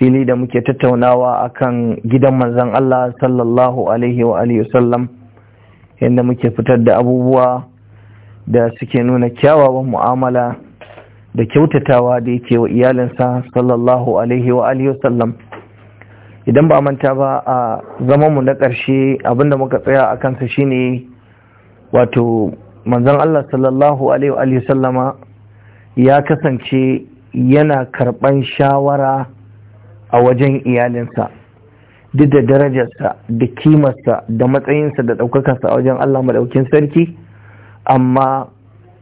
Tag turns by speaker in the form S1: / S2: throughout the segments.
S1: fili da muke tattaunawa akan gidan manzan Allah sallallahu alaihi wa alihi wasallam yadda muke fitar da abubuwa da suke nuna kyawawan mu'amala da kyautatawa da yake wa iyalinsa sallallahu alaihi wa alihi wasallam idan ba manta ba a zaman mu na ƙarshe abinda muka tsaya a kansa shine wato (manzan Allah sallallahu alaihi wa sallama ya kasance yana karɓan shawara a wajen iyalinsa duk da darajarsa da kimarsa da matsayinsa da ɗaukakarsa a wajen Allah maɗaukin sarki amma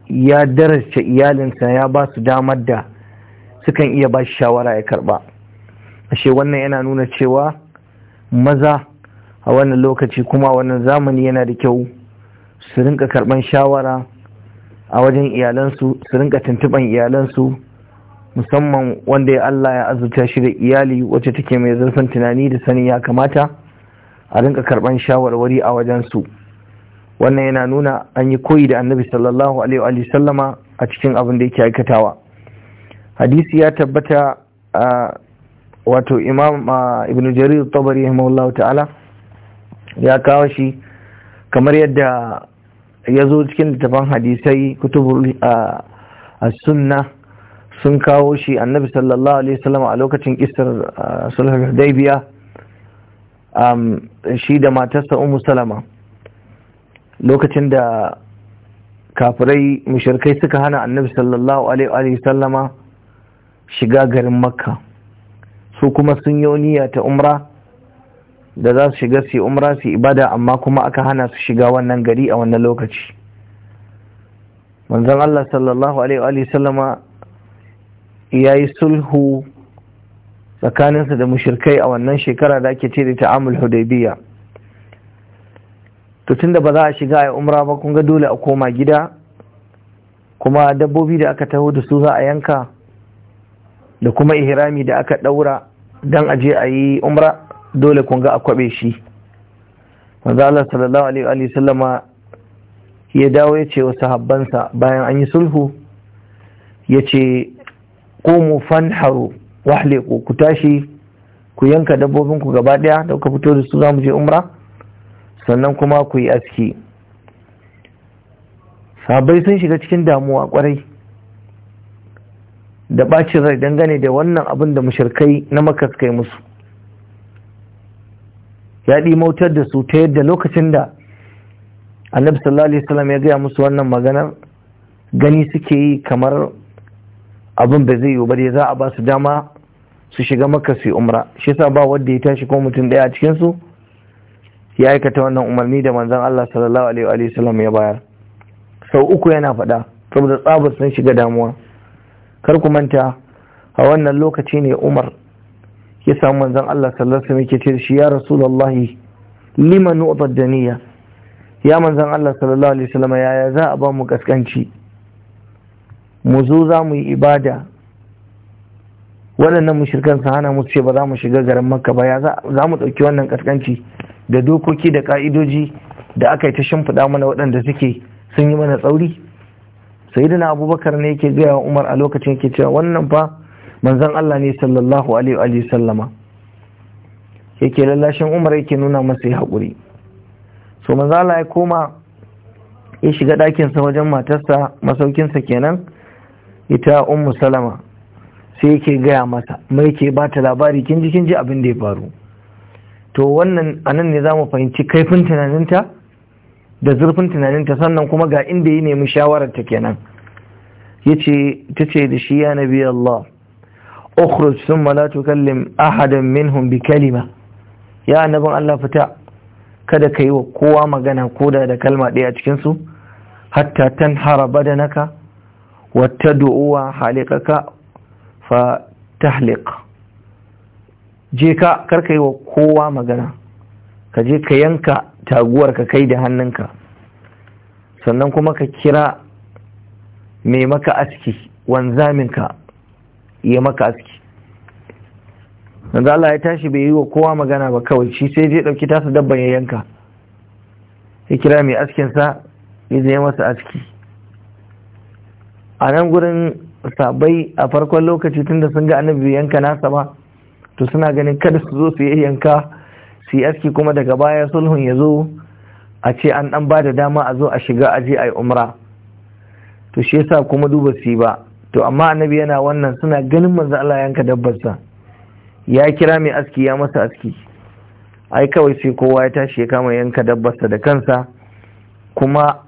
S1: ya daraja iyalinsa ya ba su damar da sukan iya ba shi shawara ya karɓa. ashe wannan yana nuna cewa maza a wannan lokaci kuma wannan zamani yana da kyau su rinka karban shawara a wajen iyalansu su rinka tuntuban iyalansu musamman wanda ya Allah ya azurta shi da iyali wacce take mai zurfin tunani da sani ya kamata a rinka karban shawarwari a wajen su, wannan yana nuna an yi koyi da annabi sallallahu alaihi wa sallama a cikin abin da yake aikatawa hadisi ya tabbata a wato imam ibn jarir tabari rahimahullahu ta'ala ya kawo shi kamar yadda ya zo cikin littafin hadisai kutubul sunna sun kawo shi annabi sallallahu alaihi wasallam a lokacin kisar uh, sulhul hudaybiya um, shi da matarsa ummu salama lokacin da kafirai mushrikai suka hana annabi sallallahu alaihi wasallama shiga garin makka su kuma sun yi niyya ta umra da za su shiga su umra su ibada amma kuma aka hana su shiga wannan gari a wannan lokaci manzon Allah sallallahu alaihi wasallama ya yi sulhu tsakaninsa da mushirkai a wannan shekara da ake ce da amul hudaybiya to da ba za a shiga a umra ba kun ga dole a koma gida kuma dabbobi da aka taho da su za a yanka da kuma ihrami da aka daura dan aje a yi umra dole kun ga a kwabe shi manzo Allah sallallahu alaihi wa sallama ya dawo ya ce wa sahabbansa bayan an yi sulhu ya ce qumu fanharu wahliqu ku tashi ku yanka dabbobin ku gaba daya da kuka fito da su za mu je umra sannan kuma ku yi aski sabai sun shiga cikin damuwa kwarai da bacin rai dangane da wannan abin da mushirkai na makas musu ya mautar da su ta yadda lokacin da annabi sallallahu alaihi wasallam ya gaya musu wannan maganar gani suke yi kamar abin da zai yiwu ba za a ba su dama su shiga maka su umra shi yasa ba wanda ya tashi ko mutum daya a cikin su ya aikata wannan umarni da manzon Allah sallallahu alaihi wa sallam ya bayar sau uku yana faɗa saboda tsabar sun shiga damuwa kar ku manta a wannan lokaci ne Umar ya samu manzon Allah sallallahu alaihi wa sallam yake ce shi ya rasulullahi liman nu'tad daniya ya manzon Allah sallallahu alaihi wa yaya za a ba mu mu zo za mu yi ibada waɗannan mushrikan su hana musu ce ba za mu shiga garin makka ba ya za mu ɗauki wannan ƙasƙanci da dokoki da ƙa'idoji da aka yi ta shimfiɗa mana waɗanda suke sun yi mana tsauri sayyidina abubakar ne yake gaya wa umar a lokacin yake cewa wannan fa manzon allah ne sallallahu alaihi wa sallama yake lallashin umar yake nuna masa ya haƙuri so manzon allah ya koma ya shiga ɗakinsa wajen matarsa masaukinsa kenan ita ummu salama sai yake gaya mata mai ke ba ta labari kin ji abin da ya faru to wannan anan ne za mu fahimci kaifin tunaninta da zurfin tunaninta sannan kuma ga inda ya nemi shawarar ta kenan yace ce da shi ya nabi Allah ukhruj thumma la tukallim ahadan minhum bi kalima ya annabin Allah fita kada ka yi wa kowa magana koda da kalma ɗaya a cikin su hatta da naka. wata du'uwa halikaka fa tahliq je ka karka yi wa kowa magana ka je ka yanka taguwar ka kai da hannunka sannan kuma ka kira mai maka aski wanzaminka ya maka aski Allah ya tashi bai yi wa kowa magana ba kawai shi sai zai ɗauki tasa dabban ya yanka ya kira mai askinsa ya zai masa aski a nan gurin sabai a farkon lokaci tunda sun ga annabi yanka nasa ba to suna ganin kada su zo su yi yanka su yi aski kuma daga baya sulhun ya zo a ce an dan ba da dama a zo a shiga aje a yi umra to shi yasa kuma duba su ba to amma annabi yana wannan suna ganin manzo Allah yanka dabbarsa ya kira mai aski ya masa aski ai kawai sai kowa ya tashi ya kama yanka dabbarsa da kansa kuma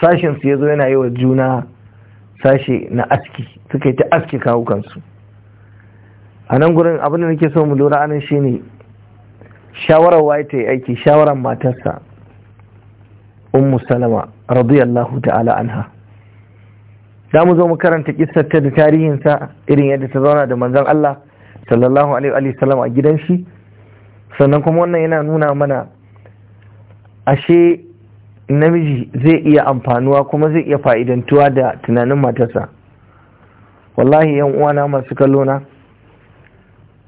S1: sashin su yazo yana yi wa juna sashe na aski suka yi ta aski kawukansu a nan gurin abin da nake so mu lura anan shi ne. shawarar waye ta yi aiki shawarar matarsa ummu salama radiyallahu ta'ala anha da mu zo mu karanta kissar da tarihinsa irin yadda ta zauna da manzon Allah sallallahu alaihi wa sallam a gidan shi sannan kuma wannan yana nuna mana ashe namiji zai iya amfanuwa kuma zai iya fa'idantuwa da tunanin matarsa wallahi yan uwana masu kallona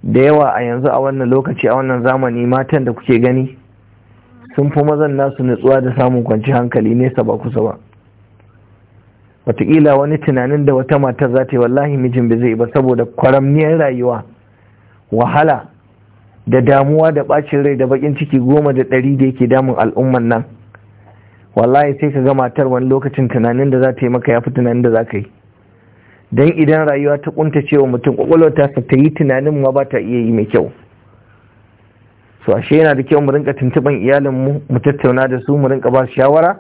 S1: da yawa a yanzu a wannan lokaci a wannan zamani matan da kuke gani sun fi mazan nasu nutsuwa da samun kwanci hankali nesa ba kusa ba wataƙila wani tunanin da wata matar za ta yi wallahi mijin bai zai ba saboda kwaramniyar rayuwa wahala da damuwa da ɓacin rai da bakin ciki goma da ɗari da yake damun al'umman nan wallahi sai ka ga matar wani lokacin tunanin da za ta yi maka ya fi tunanin da za ka yi don idan rayuwa ta kunta cewa mutum kwakwalwa ta ta yi tunanin ma ba ta iya yi mai kyau Su ashe yana da kyau mu rinka tuntuban iyalin mu mu tattauna da su mu rinka ba su shawara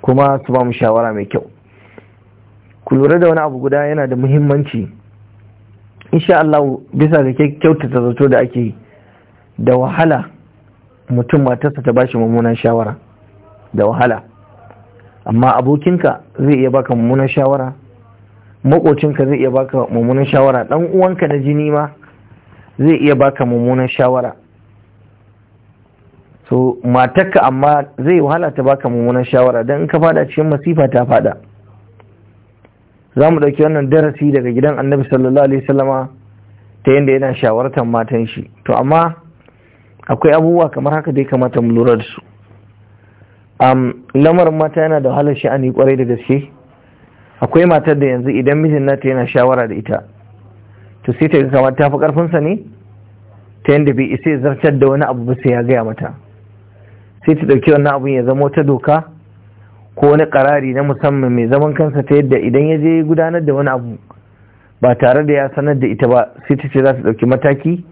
S1: kuma su ba mu shawara mai kyau ku lura da wani abu guda yana da muhimmanci insha Allah bisa ga kyautata zato da ake da wahala mutum matarsa ta bashi mummunan shawara da wahala amma abokinka zai iya baka mummunan shawara makocinka zai iya baka mummunan shawara dan uwanka na jini ma zai iya baka mummunan shawara so matarka amma zai wahala ta baka mummunan shawara don in ka fada cikin masifa ta fada za mu ɗauki wannan darasi daga gidan annabi sallallahu alaihi wasallama ta yadda yana shawartar matan shi to amma akwai abubuwa kamar haka dai kamata mu lura da su lamarin mata yana da wahalar sha'ani kwarai da gaske akwai matar da yanzu idan mijin nata yana shawara da ita to sai ta kama ta fi karfinsa ne ta yadda bai isa zartar da wani abu ba sai ya gaya mata sai ta ɗauki wannan abun ya zama wata doka ko wani karari na musamman mai zaman kansa ta yadda idan ya je gudanar da wani abu ba tare da ya sanar da ita ba sai ta ce za ta ɗauki mataki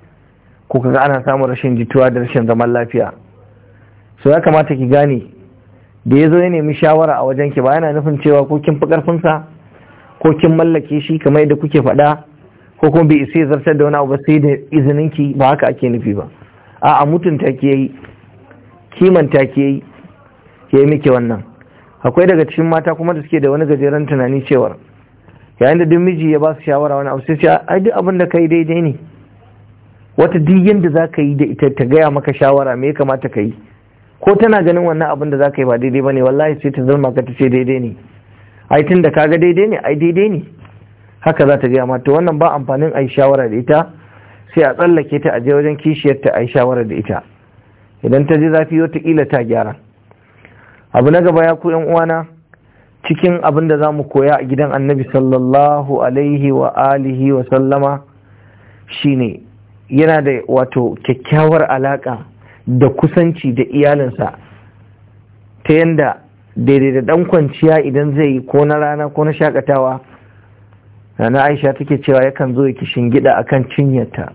S1: ko kaga ana samun rashin jituwa da rashin zaman lafiya so ya kamata ki gane da ya zo ya nemi shawara a wajen ki ba yana nufin cewa ko kin fi karfinsa ko kin mallake shi kamar yadda kuke faɗa ko kuma bai isa zartar da wani abu ba sai da izinin ki ba haka ake nufi ba a'a mutunta ke yi kimanta ke yi ke yi miki wannan akwai daga cikin mata kuma da suke da wani gajeren tunani cewar yayin da duk miji ya ba su shawara wani abu sai ce ai duk abin da kai daidai ne wata duk yanda za ka yi da ita ta gaya maka shawara me ya kamata ka yi ko tana ganin wannan abin da zaka yi ba daidai ba ne wallahi sai ta zama ka ta ce daidai ne ai tun da kaga daidai ne ai daidai ne haka za ta gaya to wannan ba amfanin a yi shawara da ita sai a tsallake ta a je wajen kishiyar ta yi shawara da ita idan ta je zafi wata kila ta gyara abu na gaba ya ku yan uwana cikin abin da za mu koya a gidan annabi sallallahu alaihi wa alihi wa sallama shine yana da wato kyakkyawar alaka da kusanci da iyalinsa ta yanda daidai da ɗan kwanciya idan zai yi ko na rana ko na shakatawa rana aisha take cewa yakan zo ya gida akan cinyarta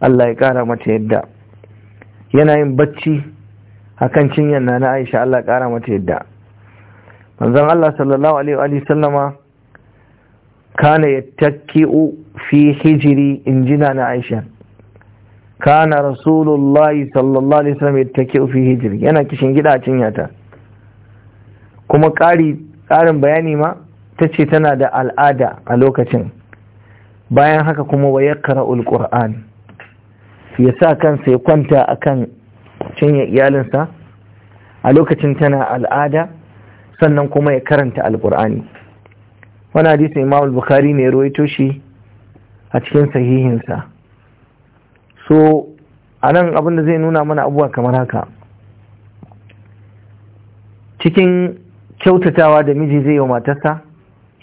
S1: Allah ya ƙara mata yadda yana yin bacci akan cinyar na na aisha Allah ya ƙara mata yadda manzon Allah sallallahu alaihi wa sallama kana yattaki'u fi hijiri injina na aisha kana rasulullahi sallallahu alaihi wasallam yattaki fi hijri yana kishin gida a cinyata kuma ƙari ƙarin bayani ma ta ce tana da al'ada a lokacin bayan haka kuma wa yakara quran ya sa kansa ya kwanta akan cinye iyalinsa a lokacin tana al'ada sannan kuma ya karanta alqur'ani wannan hadisi imam bukhari ne ya ruwaito shi a cikin sahihinsa so a nan abin zai nuna mana abubuwa kamar haka cikin kyautatawa da miji zai yi wa matarsa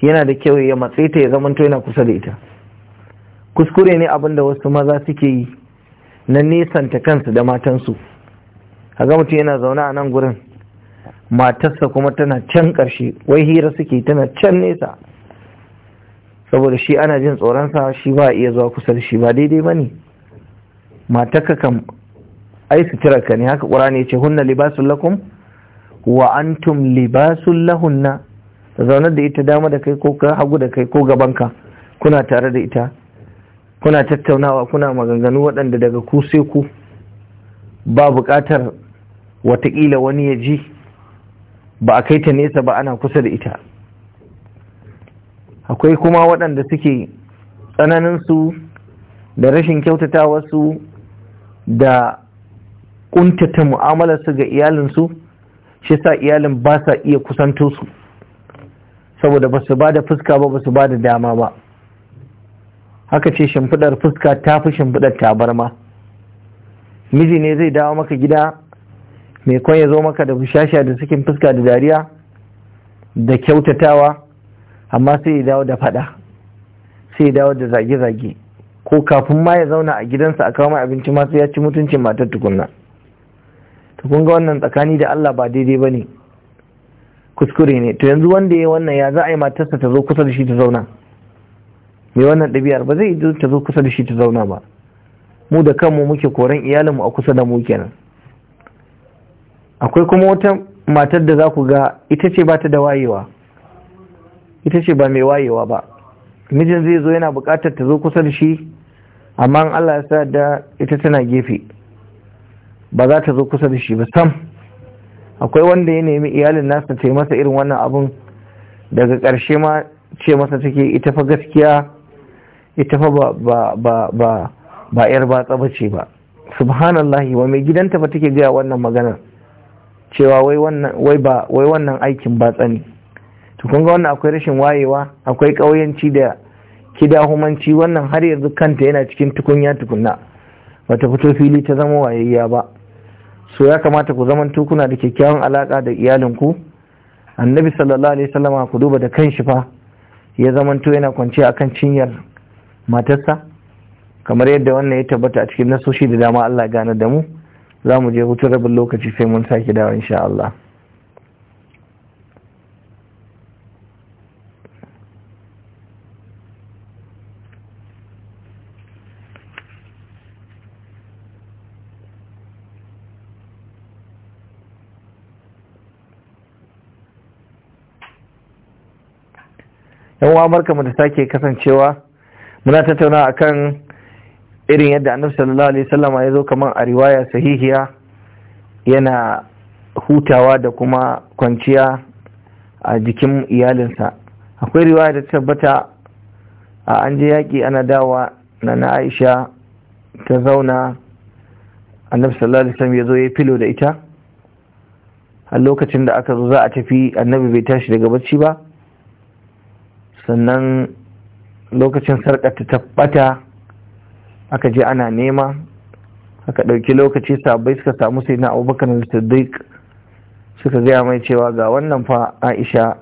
S1: yana da kyau ya matse ta ya zamanto yana kusa da ita kuskure ne abinda wasu maza suke yi na ta kansu da matansu a ga mutum yana zaune a nan gurin matarsa kuma tana can ƙarshe wai hira suke tana can nesa saboda shi ana jin tsoronsa shi ba iya zuwa kusa da shi ba daidai ba ne matarka kan ai su ka ne haka ƙurani ya ce hunna libasun lakum wa antum libasun lahunna zaunar da ita dama da kai ko ka hagu da kai ko gabanka kuna tare da ita kuna tattaunawa kuna maganganu waɗanda daga ku sai ku ba buƙatar watakila wani ya ji ba a kai ta nesa ba ana kusa da ita akwai kuma waɗanda suke tsananinsu da rashin kyautatawarsu da kuntata mu'amalarsu ga iyalinsu shi sa iyalin ba sa iya kusanto su saboda ba su ba da fuska ba ba su ba da dama ba haka ce shimfiɗar fuska ta fi shimfiɗar tabarma miji ne zai dawo maka gida mai kwan ya zo maka da bushasha da cikin fuska da dariya da kyautatawa amma sai ya dawo da faɗa sai ya dawo da zage-zage ko kafin ma ya zauna a gidansa a kawo mai abinci ma sai ya ci mutuncin matar tukunna to kun ga wannan tsakani da Allah ba daidai bane kuskure ne to yanzu wanda ya wannan ya za a yi matarsa ta zo kusa da shi ta zauna mai wannan ɗabi'ar ba zai yi ta zo kusa da shi ta zauna ba mu da kanmu muke koran iyalinmu a kusa da mu kenan akwai kuma wata matar da za ku ga ita ce ba ta da wayewa ita ce ba mai wayewa ba mijin zai zo yana bukatar ta zo kusa da shi amma Allah ya sa da ita tana gefe ba za ta zo kusa da shi ba sam akwai wanda ya nemi iyalin nasa ta yi masa irin wannan abun daga ƙarshe ma ce masa take ita fa gaskiya ita fa ba ba ba ba ba batsa ba subhanallahi wa mai gidanta fa take gaya wannan maganar cewa wai wannan wai ba wai wannan aikin batsa ne to kun ga wannan akwai rashin wayewa akwai ƙauyanci da kidahumanci wannan har yanzu kanta yana cikin tukunya tukunna bata fito fili ta zama wayayya ba so ya kamata ku zaman tukuna da kyakkyawan alaka da iyalinku annabi sallallahu alaihi wasallama ku duba da kanshi fa ya zamanto yana kwance akan cinyar matarsa kamar yadda wannan ya tabbata a cikin nasoshi da dama Allah gane da mu za mu je hutun rabin lokaci sai mun sake dawo insha Allah yan uwa barkamu da sake kasancewa muna tattauna akan irin yadda annabi sallallahu alaihi wasallama ya zo kaman a riwaya sahihiya yana hutawa da kuma kwanciya a jikin iyalinsa akwai riwaya da tabbata a an je yaƙi ana dawa na na aisha ta zauna annabi sallallahu alaihi wasallam ya zo ya filo da ita a lokacin da aka zo za a tafi annabi bai tashi daga barci ba sannan lokacin sarƙata ta ɓata aka je ana nema aka ɗauki lokaci sabai suka samu sai na abubakar siddiq suka gaya mai cewa ga wannan fa aisha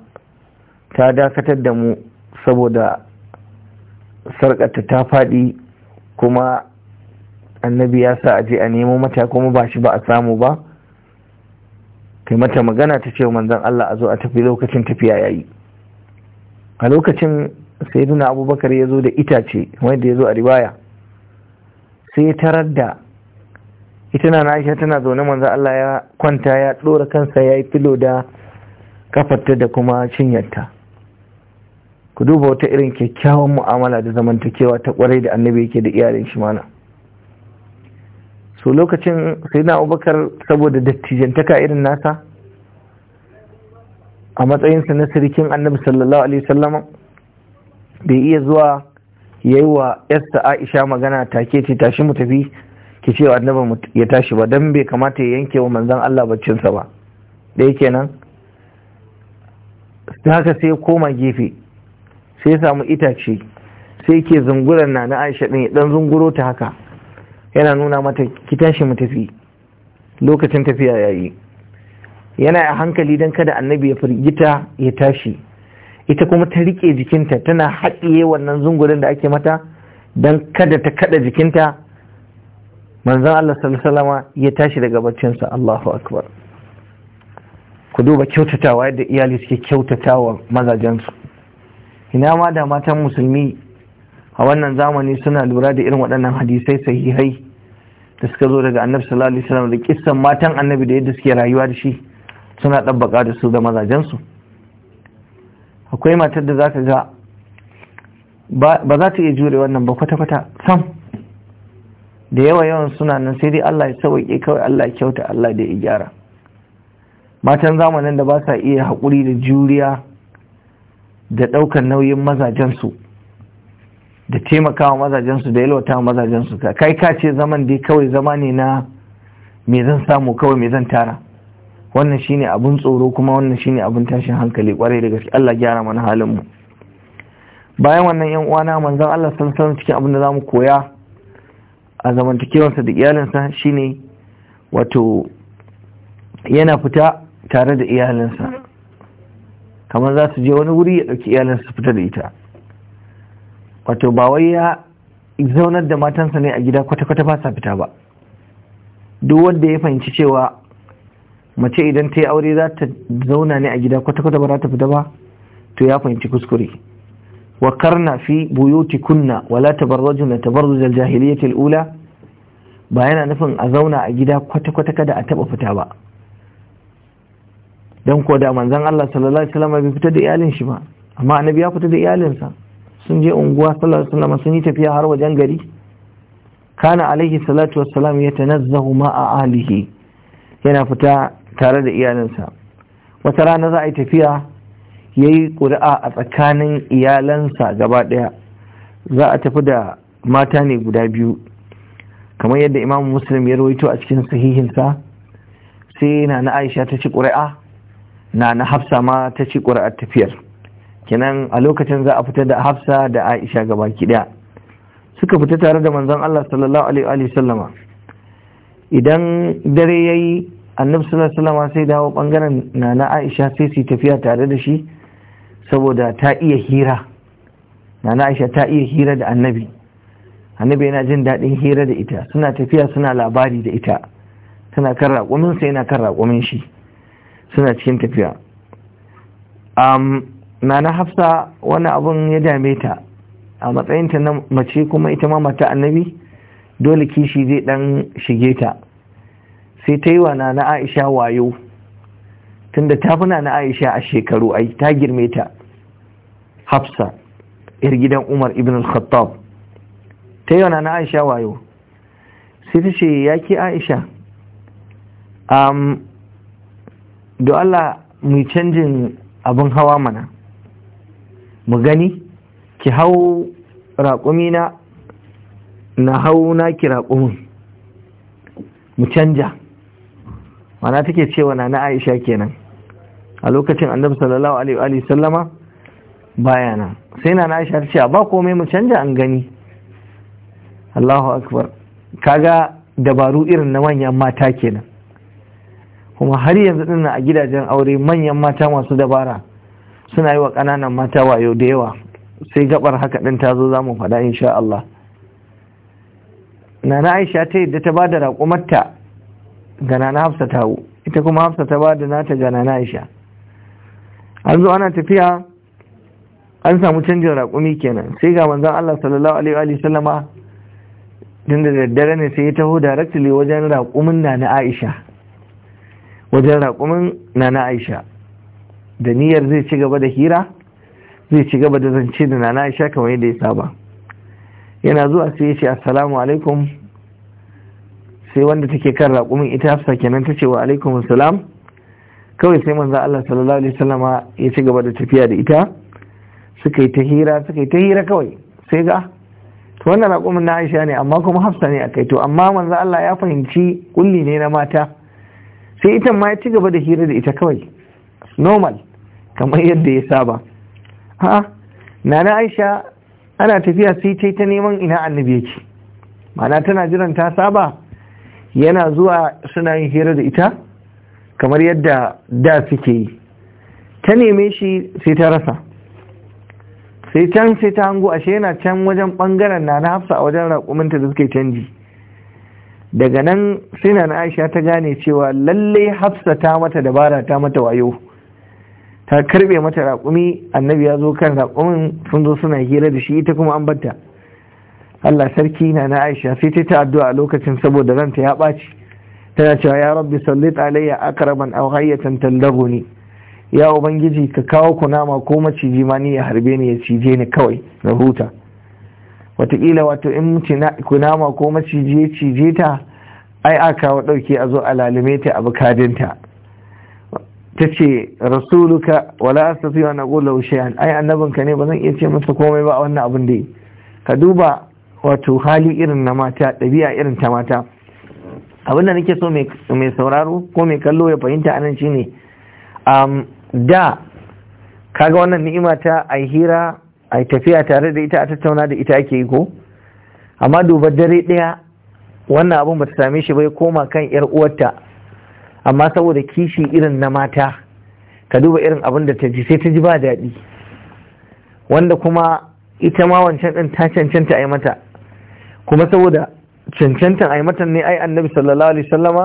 S1: ta dakatar da mu saboda sarƙata ta faɗi kuma annabi ya sa aje a nemo mata kuma ba shi ba a samu ba kai mata magana ta ce manzon Allah a zo a tafi lokacin tafiya yayi a lokacin sai duna abubakar ya zo da itace wanda ya zo a riwaya sai ya tarar da ita na aisha tana zaune manzo Allah ya kwanta ya ɗora kansa ya yi filo da kafarta da kuma cinyarta ku duba wata irin kyakkyawan mu'amala da zamantakewa ta kwarai da annabi yake da iyalin shi mana so lokacin sai na abubakar saboda dattijantaka irin nasa a matsayinsa na sirikin annabi sallallahu alaihi wasallam bai iya zuwa ya yi wa yasta aisha magana take ce tashi mu tafi ki ce wa annabi ya tashi ba don bai kamata ya yanke wa manzan Allah baccinsa ba da yake nan haka sai ya koma gefe sai ya samu itace sai ke zunguran na na aisha ɗin dan zunguro ta haka yana nuna mata ki tashi mu tafi lokacin tafiya yayi yana a hankali don kada annabi ya firgita ya tashi ita kuma ta rike jikinta tana haɗiye wannan zungurin da ake mata don kada ta kada jikinta manzan Allah salama ya tashi daga baccinsa Allahu akbar ku duba kyautatawa yadda iyali suke kyautatawa mazajensu ina ma da matan musulmi a wannan zamani suna lura da irin waɗannan hadisai sahihai da suka zo daga annabi sallallahu alaihi wasallam da kissan matan annabi da yadda suke rayuwa da shi suna ɗabbaka da su da mazajensu akwai matar da za ka ga ba za ta iya jure wannan ba kwata-kwata sam da yawa yawan suna nan sai dai Allah ya sauƙe kawai Allah ya kyauta Allah da ya gyara matan zamanin da ba sa iya haƙuri da juriya da ɗaukar nauyin mazajensu da taimakawa mazajensu da yalwata mazajensu kai ka ce zaman dai kawai zama ne na me zan samu kawai me zan tara wannan shine abun tsoro kuma wannan shine abun tashin hankali kwarai daga gaske Allah gyara mana halin mu bayan wannan yan uwana manzon Allah san san cikin abin da zamu koya a zamantakewarsa da iyalinsa shine wato yana fita tare da iyalinsa kamar za su je wani wuri ya ɗauki iyalinsa su fita da ita wato ba wai ya zaunar da matansa ne a gida kwata-kwata ba sa fita ba duk wanda ya fahimci cewa mace idan ta yi aure za ta zauna ne a gida kwata-kwata ba za ta fita ba to ya fahimci kuskure wa karna fi buyuti kunna wala tabarrajuna tabarrujal jahiliyyatil ula ba yana nufin a zauna a gida kwata-kwata kada a taba fita ba don ko da manzon Allah sallallahu alaihi wasallam bai fita da iyalin shi ba amma annabi ya fita da iyalinsa sun je unguwa sallallahu alaihi wasallam sun yi tafiya har wajen gari kana alaihi salatu wassalam yatanazzahu ma'a ahlihi yana fita tare da iyalinsa wata rana za a yi tafiya ya yi ƙuri'a a tsakanin iyalansa gaba ɗaya za a tafi da mata ne guda biyu kamar yadda imamu muslim ya rawaito a cikin sahihinsa sai na na aisha ta ci ƙuri'a na na hafsa ma ta ci ƙuri'ar tafiyar kenan a lokacin za a fita da hafsa da aisha gaba ɗaya suka fita tare da manzon allah sallallahu alaihi wasallama idan dare ya yi annabi sallallahu alaihi wasallam sai dawo bangaren nana Aisha sai su tafiya tare da shi saboda ta iya hira nana Aisha ta iya hira da annabi annabi yana jin daɗin hira da ita suna tafiya suna labari da ita tana kan raƙumin sai yana kan raƙumin shi suna cikin tafiya um, nana Hafsa wani abun ya dame ta a matsayinta na mace kuma ita ma mata annabi dole kishi zai ɗan shige ta sai ta yi wa na aisha wayo tunda ta fi na aisha a shekaru ai ta girme ta hafsa yar gidan umar ibn al-khattab ta yi wa na aisha wayo sai ta ce ya ke aisha do Allah mu canjin abin hawa mana mu gani ki hau raƙumi na na hau na ki raƙumin mu canja mana take cewa na Aisha kenan a lokacin annabi sallallahu alaihi wa sallama baya nan sai na Aisha ta ce ba komai mu canja an gani Allahu akbar kaga dabaru irin na manyan mata kenan kuma har yanzu dinnan a gidajen aure manyan mata masu dabara suna yi wa ƙananan mata wayo da yawa sai gabar haka din ta zo zamu mu faɗa insha Allah Nana Aisha ta yadda ta ba da raƙumarta gana hafsa tawo ita kuma hafsa ta ba da nata gana na aisha an zo ana tafiya an samu canjin raƙumi kenan sai ga manzon Allah sallallahu alaihi wa sallama din da daddare ne sai ya taho directly wajen raƙumin na na Aisha wajen raƙumin na Aisha da niyyar zai ci gaba da hira zai ci gaba da zance da nana Aisha kamar yadda ya saba yana zuwa sai ya ce assalamu alaikum sai wanda take kan raƙumin ita hafsa kenan ta ce wa alaikum salam kawai sai manzo Allah sallallahu alaihi wasallama ya ci gaba da tafiya da ita suka yi ta hira suka yi ta kawai sai ga to wannan raƙumin na Aisha ne amma kuma hafsa ne kai to amma manzo Allah ya fahimci kulli ne na mata sai ita ma ya ci gaba da hira da ita kawai normal kamar yadda ya saba ha nana Aisha ana tafiya sai ta ta neman ina annabi yake ma'ana tana jiran ta saba yana zuwa suna yin hira da ita kamar yadda da suke yi ta neme shi sai ta rasa sai can sai ta hango ashe yana can wajen bangaren na na hafsa a wajen raƙuminta da suke canji daga nan sai na aisha ta gane cewa lallai hafsa ta mata dabara ta mata wayo ta karbe mata raƙumi annabi ya zo kan raƙumin sun zo suna hira da shi ita kuma an batta Allah sarki na na Aisha sai ta ta addu'a lokacin saboda ranta ya ɓaci tana cewa ya rabbi sallit alayya akraman aw hayyatan tallaguni ya ubangiji ka kawo kunama ko maciji ma ni ya harbe ni ya cije ni kawai na huta wataƙila wato in kunama ko maciji ya cije ta ai a kawo ɗauke a zo a lalime ta abu kadinta ta ce rasuluka wala asafi wa na ƙula ai annabinka ne ba zan iya ce masa komai ba a wannan abin da ka duba wato hali irin na mata ɗabi'a irin ta mata abinda nake so mai sauraro ko mai kallo ya fahimta anan shine um, da kaga wannan ni'ima ta a hira a tafiya tare da ita a tattauna da ita ake yi ko amma duba dare ɗaya wannan abun ba ta same shi bai koma kan yar uwarta amma saboda kishi irin na mata ka duba irin abin da ta ji sai ta ji ba daɗi wanda kuma ita ma wancan ɗin ta cancanta a yi mata kuma saboda cancantan ai matan ne ai annabi sallallahu alaihi sallama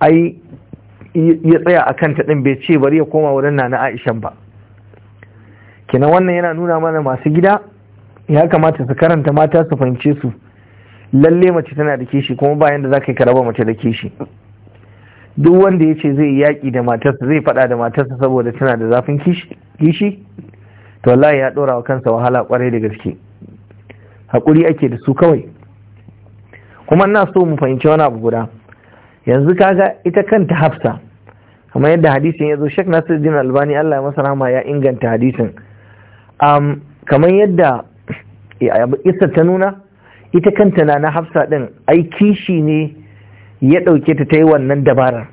S1: ai ya tsaya a kanta ɗin bai ce bari ya koma wurin nana aishan ba kenan wannan yana nuna mana masu gida ya kamata su karanta mata su fahimce su lalle mace tana da kishi kuma bayan da za ka yi karaba mace da kishi duk wanda ya ce zai yaƙi da matarsa zai faɗa da matarsa saboda tana da zafin kishi to wallahi ya ɗora wa kansa wahala ƙwarai da gaske haƙuri ake da su kawai kuma na so mu fahimci wani abu guda yanzu kaga ita kanta hafsa kamar yadda hadisin ya zo shek nasiruddin albani allah ya masa rahama ya inganta hadisin kamar yadda isar ta nuna ita kanta na na hafsa din ai kishi ne ya ɗauke ta ta yi wannan dabarar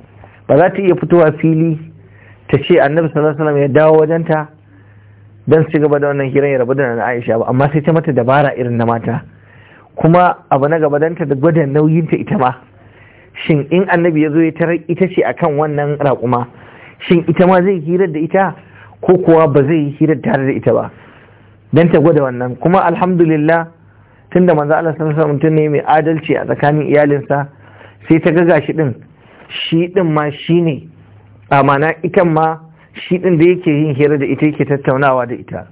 S1: ba za ta iya fitowa fili ta ce annabi sallallahu alaihi wasallam ya dawo wajenta don su cigaba gaba da wannan hirar ya rabu da na Aisha ba amma sai ta mata dabara irin na mata kuma abu na gaba danta da gwada nauyinta ita ma shin in annabi ya zo ya tarar ita ce akan wannan raƙuma shin ita ma zai hirar da ita ko kuwa ba zai yi hirar tare da ita ba don ta gwada wannan kuma alhamdulillah tunda manzo Allah sallallahu alaihi wasallam ne mai adalci a tsakanin iyalinsa sai ta ga gashi din shi din ma shine amana ikan ma shi ɗin da yake yin hira da ita yake tattaunawa da ita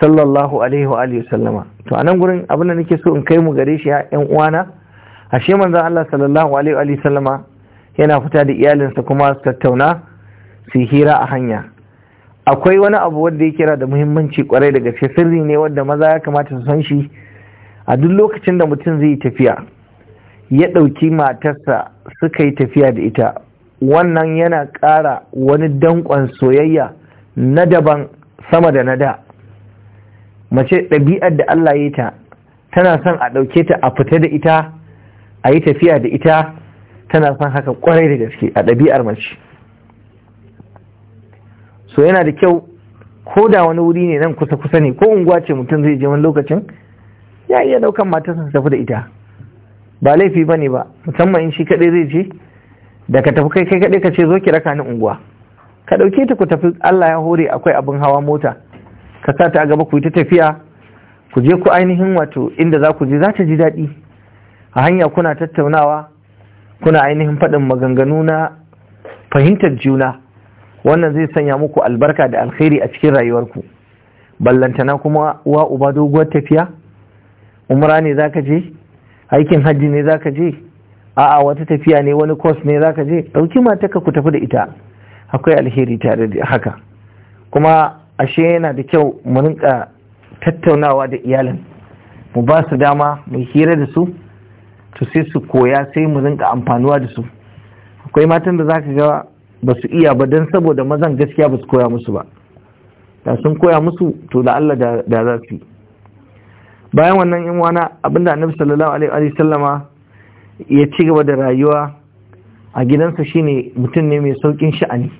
S1: sallallahu alaihi wa alihi sallama to anan gurin abin da nake so in kai mu gare shi ya ƴan uwana ashe manzon Allah sallallahu alaihi wa alihi sallama yana fita da iyalinsa kuma su tattauna su hira a hanya akwai wani abu wanda ya kira da muhimmanci kwarai da gaske sirri ne wanda maza ya kamata su san shi a duk lokacin da mutum zai yi tafiya ya ɗauki matarsa suka yi tafiya da ita wannan yana ƙara wani danƙon soyayya na daban sama da na da mace ɗabi'ar da Allah ya ta tana son a ɗauke ta a fita da ita a yi tafiya da ita tana son haka ƙwarai da gaske a ɗabi'ar mace so yana da kyau ko da wani wuri ne nan kusa kusa ne ko unguwa ce mutum zai je wani lokacin ya iya ɗaukan matarsa tafi da ita ba laifi ba ne ba musamman in shi kaɗai zai je da ka tafi kai kai kaɗai ka ce zo ki raka ni unguwa ka ɗauke ta ku tafi Allah ya hore akwai abin hawa mota ka sa ta a gaba ku yi ta tafiya ku je ku ainihin wato inda za ku je za ta ji daɗi a hanya kuna tattaunawa kuna ainihin faɗin maganganu na fahimtar juna wannan zai sanya muku albarka da alkhairi a cikin rayuwarku ballantana kuma wa uba doguwar tafiya umra ne za ka je aikin hajji ne za ka je a'a wata tafiya ne wani course ne zaka je dauki matarka ku tafi da ita akwai alheri tare da haka kuma ashe yana da kyau mu rinka tattaunawa da iyalin mu ba su dama mu hira da su to sai su koya sai mu rinka amfanuwa da su akwai matan da zaka ga ba su iya ba dan saboda mazan gaskiya ba su koya musu ba da sun koya musu to da Allah da za su bayan wannan yin wana abinda annabi sallallahu alaihi wa sallama ya ci gaba da rayuwa a gidansa shine mutum ne mai saukin sha'ani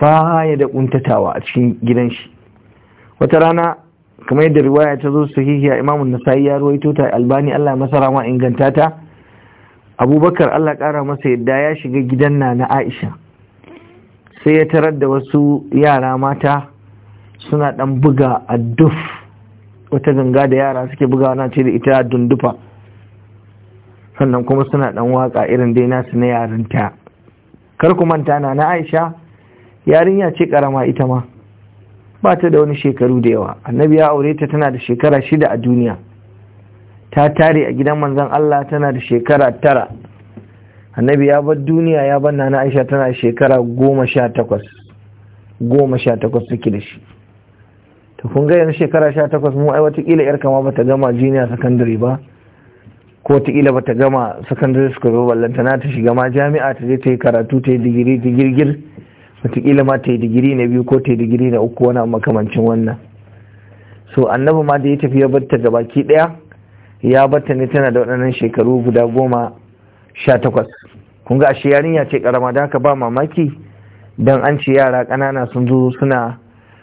S1: Ba ya da kuntatawa a cikin gidan shi wata rana kamar yadda riwaya ta zo hihiya imamun Nasayi ya ruwaito ta albani Allah masara ma inganta ta abubakar Allah kara masa yadda ya shiga gidan na na Aisha sai ya tarar da wasu yara mata suna ɗan buga a duf wata ganga da yara suke buga wana ce da ita dundufa sannan kuma suna dan waka irin dai nasu na yarinta kar ku manta na na Aisha yarinya ce karama ita ma ba ta da wani shekaru da yawa annabi ya aure ta tana da shekara shida a duniya ta tare a gidan manzon Allah tana da shekara tara annabi ya bar duniya ya bar Nana Aisha tana da shekara goma sha takwas goma sha takwas suke da shi to kun ga yanzu shekara sha takwas mu ai watakila yar kama bata gama junior sakandare ba ko wataƙila ba ta gama secondary school ba ballantana ta shiga ma jami'a ta je ta yi karatu ta yi digiri digirgir wataƙila ma ta yi digiri na biyu ko ta yi digiri na uku wani makamancin wannan so annabi ma da ya tafi ya batta ga baki daya ya batta ne tana da waɗannan shekaru guda goma sha takwas kun ga ashe yarinya ce karama da haka ba mamaki dan an ce yara ƙanana sun zo suna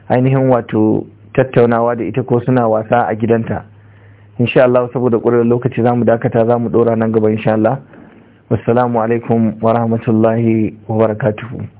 S1: ainihin wato tattaunawa da ita ko suna wasa a gidanta insha Allah saboda ƙurar lokaci zamu dakata zamu ɗora nan gaba insha Allah wassalamu alaikum wa rahmatullahi wa barakatuhu